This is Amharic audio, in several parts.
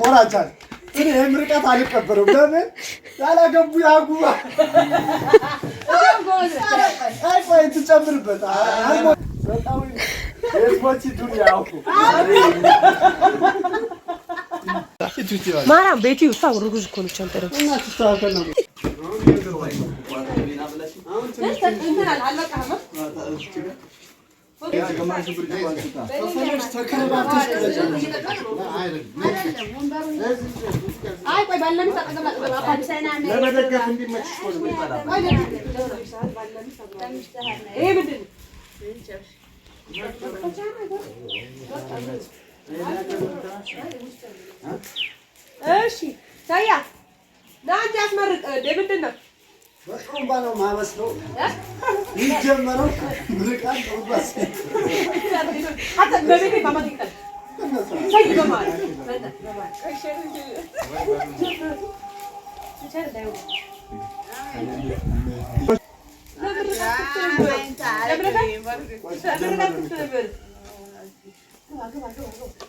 ሆናቻል እኔ ምርቀት አልቀበረም። ለምን ያላገቡ ያጉባ አይቆይ ትጨምርበት ማርያም ቤቲ ውሳ ርጉዝ እኮ ነች። አንተ ደግሞ እሺ ታያ ዳንጃስ መርቅ ደብድን ነው በጥሩምባ ነው የማመስለው። የሚጀመረው ምርቃት ጥሩምባ ሲል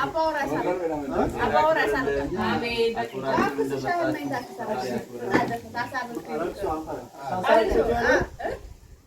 አባወራ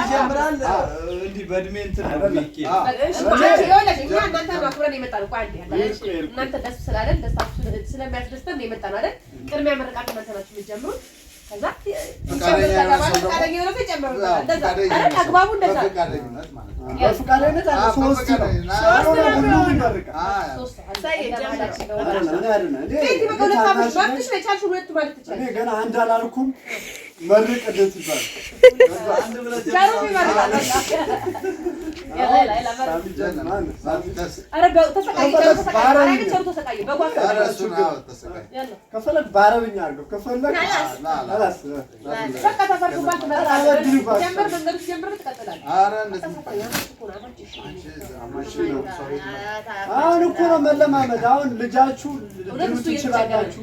ይጀምራል እንዲህ በእድሜ እንትን እኛ እናንተን እናንተ ደስ ስላለን ደስታችሁ ስለሚያስደስተን ነው የመጣነው አይደል? ቅድሚያ መረቃት እናንተ ናችሁ የምትጀምሩት። ገና አንድ አላልኩም መርቅ እንዴት ይባላል? ከፈለግ በአረብኛ አድርገው፣ ከፈለግ አሁን እኮ ነው መለማመድ። አሁን ልጃችሁ ትችላላችሁ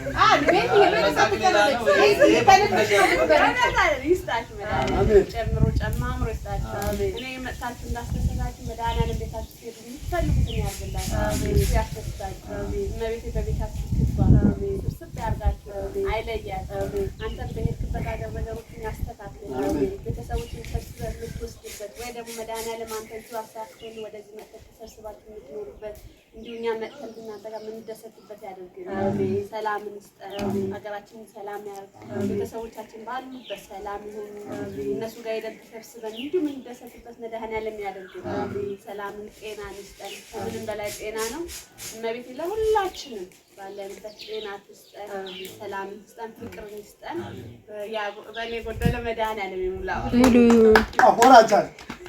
ጨምሮ ጨማምሮ ይስጣችሁ። እኔ መጥታችሁ እንዳስደሰታችሁ መድኃኒዓለም ቤታችሁ ሄዱ የምትፈልጉትን ያድርግላችሁ፣ ያስደስታችሁ። እመቤቴ በቤታችሁ ትግባ፣ ስብስብ ያድርጋችሁ፣ አይለያችሁ። አንተን በሄድክበት ሀገር ነገሮችን ያስተካክል ቤተሰቦችን ወይ ደግሞ መድኃኒዓለም አንተን ስላሳክል ወደዚህ መጥተን ተሰብስባችሁ የምትኖሩበት እንዲሁ እኛ መጥተን እናንተ ጋር የምንደሰትበት ያደርግል። ሰላምን ስጠን። ሀገራችንን ሰላም ያርጋል። ቤተሰቦቻችን ባሉበት ሰላም ይሁን። እነሱ ጋር ሄደን ተሰብስበን እንዲሁ የምንደሰትበት መድኃኒዓለም ያደርግል። ሰላምን፣ ጤና ይስጠን። ከምንም በላይ ጤና ነው። እመቤት ለሁላችንም ባለንበት ጤና ትስጠን፣ ሰላም ትስጠን፣ ፍቅር ይስጠን። በእኔ ጎደለ መድኃኒዓለም ይሙላ።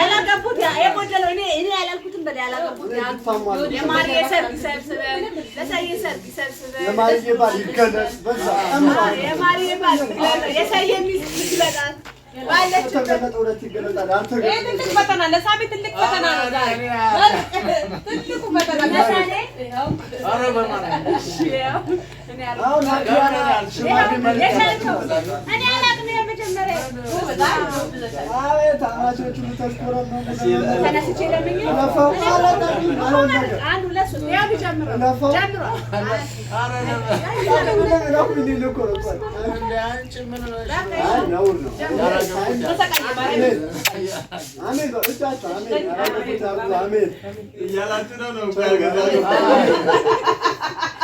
ያላገቡት የጎደለው እኔ ያላልኩትም በላይ ያላገቡት የማርዬ ሰርግ ሰብስበን ለሰዬ ሰርግ ሰብስበን የማርዬ ባል ይገለጽ የሰዬ ሚስት ይበጣል ትልቅ ትልቅ ፈተና ነው። እያላችሁ ነው ነው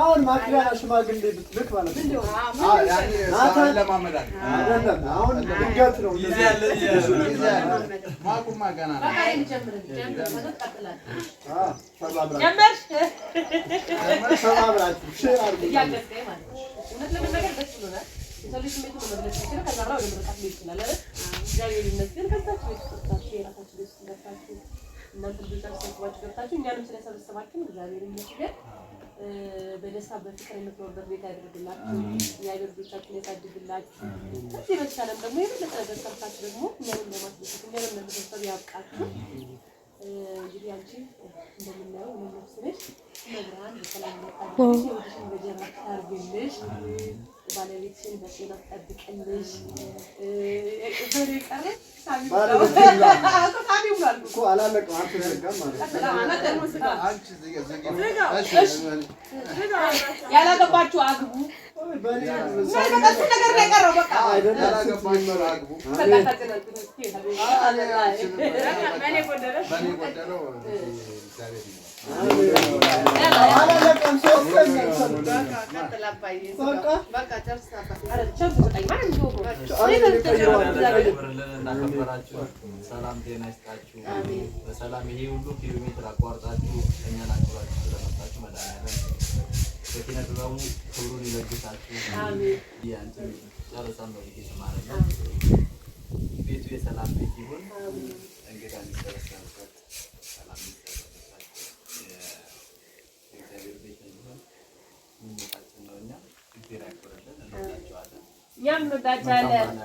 አሁን ማክሪያሽ ሽማግሌ ብትልክ ማለት ነው። ናታን ለማመዳት አይደለም። አሁን ድንገት ነው ጊዜ ያለ ጊዜ ያለ ማቁማ ገና ነው። እናንተ ልጆቻችሁ ገብታችሁ እኛንም ስለሰበሰባችሁ እግዚአብሔር ይመስገን። በደስታ በፍቅር የምትኖርበት ቤት ያደርግላችሁ፣ የአገር ቤታችን ያሳድግላችሁ። እዚህ በተሻለም ደግሞ የበለጠ ነገር ሰርታችሁ ደግሞ እኛንም ለማስደሰት እኛንም ለመሰብሰብ ያብቃችሁ። እንግዲህ አንቺ እንደምናየው መመስለሽ መብርሃን በሰላም መጣልሽ፣ ወደሽን በጀራ ታርግልሽ ባለቤትሽን በጤናት ጠብቅልሽ። ያላገባችሁ አግቡ። ለተከበራችሁ ሰላም ጤና ይስጣችሁ። በሰላም ይሄ ሁሉ ኪሎ ሜትር አቋርጣችሁ እኛን አክብራችሁ ስለመጣችሁ መድኃኒዓለም በኪነ ጥበቡ ክብሩን ይለግሳችሁ። ቤቱ የሰላም ቤት ይሁን። እንግዳ የሚሰበሰብበት ሰላም የእግዚአብሔር ቤት እንዲሆን ምኞታችን ነው። እኛ እግዜር ያክብርልን። እንወዳቸዋለን። የምንወዳቸዋለን።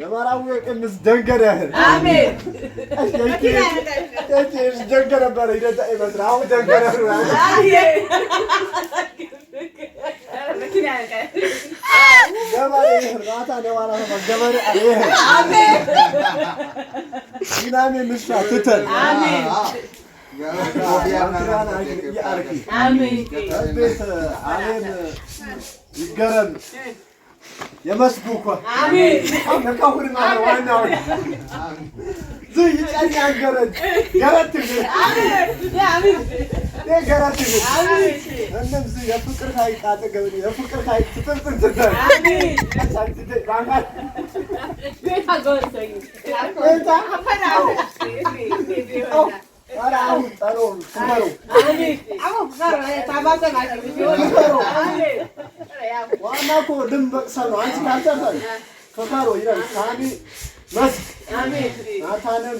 የማራዊ ቅምስ ደንገረ አሜን ደንገረ ነበረ ይደዛ ይመስል አሁን ደንገረ ይገረም የመስዱ እኮ አሜን። ዋናው ዝይ ጫኛ ገረድ ገረድ አሜን። አሜን ገረድ አሜን። እንደዚህ የፍቅር ሀይቅ አጠገብ የፍቅር ሀይቅ ትጥልጥል ትጥል አሜን። አሜን ዋና እኮ ደም መቅሰል ነው። አንቺ ካልጠፋሽ ፈቃዶ ይረግሳኒ መስ ናታንም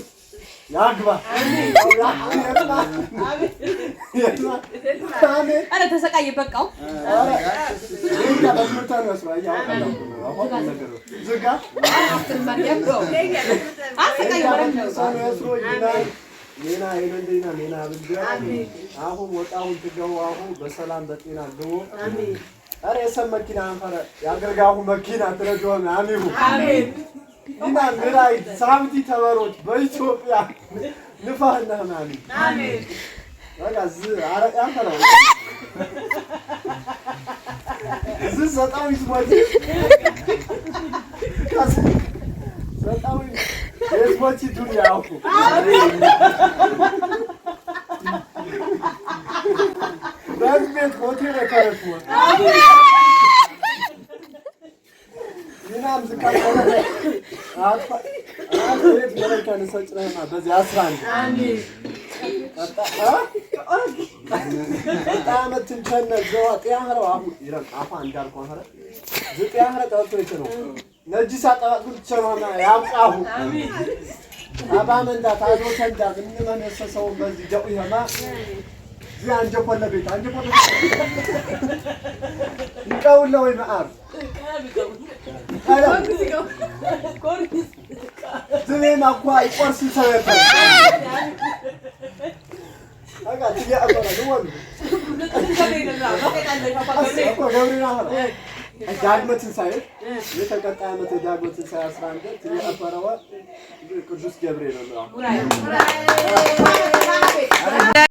ያግባ ኧረ ተሰቃየ በቃው ዝጋ ሌላ የሌለና ሌላ ብልድ አሁን ወጣሁን ትገቡ አሁን በሰላም በጤና ግቡ። ኧረ የሰብ መኪና አንፈረ ያገርጋሁ መኪና ትረጅሆን አሚሁ ኢና ምራይ ሳምቲ ተበሮች በኢትዮጵያ ንፋህና ናሚ በቃ ዝ አረቅ ያንፈረ ዝ ዘጣዊ ስሞት ዘጣዊ mochi dunia huku. Nasıl bir motive karışma. ይናም ዝቃ ሆነ አጥፋ አጥሬት መለካን ሰጭረህና በዚህ አስራ አንድ ጣመትን ቸነ ዘዋ ጤያህረው አሁ ይረቃፋ እንዳልኳ ረ ዝጤያህረ ጠርቶ ይችነው ነጅስ አጠራጥሩ ትቸሮና ያብቃሁ አባ መንዳት አዶ ሰንዳ እንመነሰሰው በዚህ ደቁ ይኸማ እዚህ አንጀ ኮለ ቤት አንጀ ኮለ ይቀውለ ወይ መዓር ዝሌን አኳ ይቆርስ ሰበበ ዳግመ ትንሣኤ የተቀጣይ ዓመት ዳግመ ትንሣኤ አስራ አንድ የከበረው ቅዱስ ገብርኤል ነው።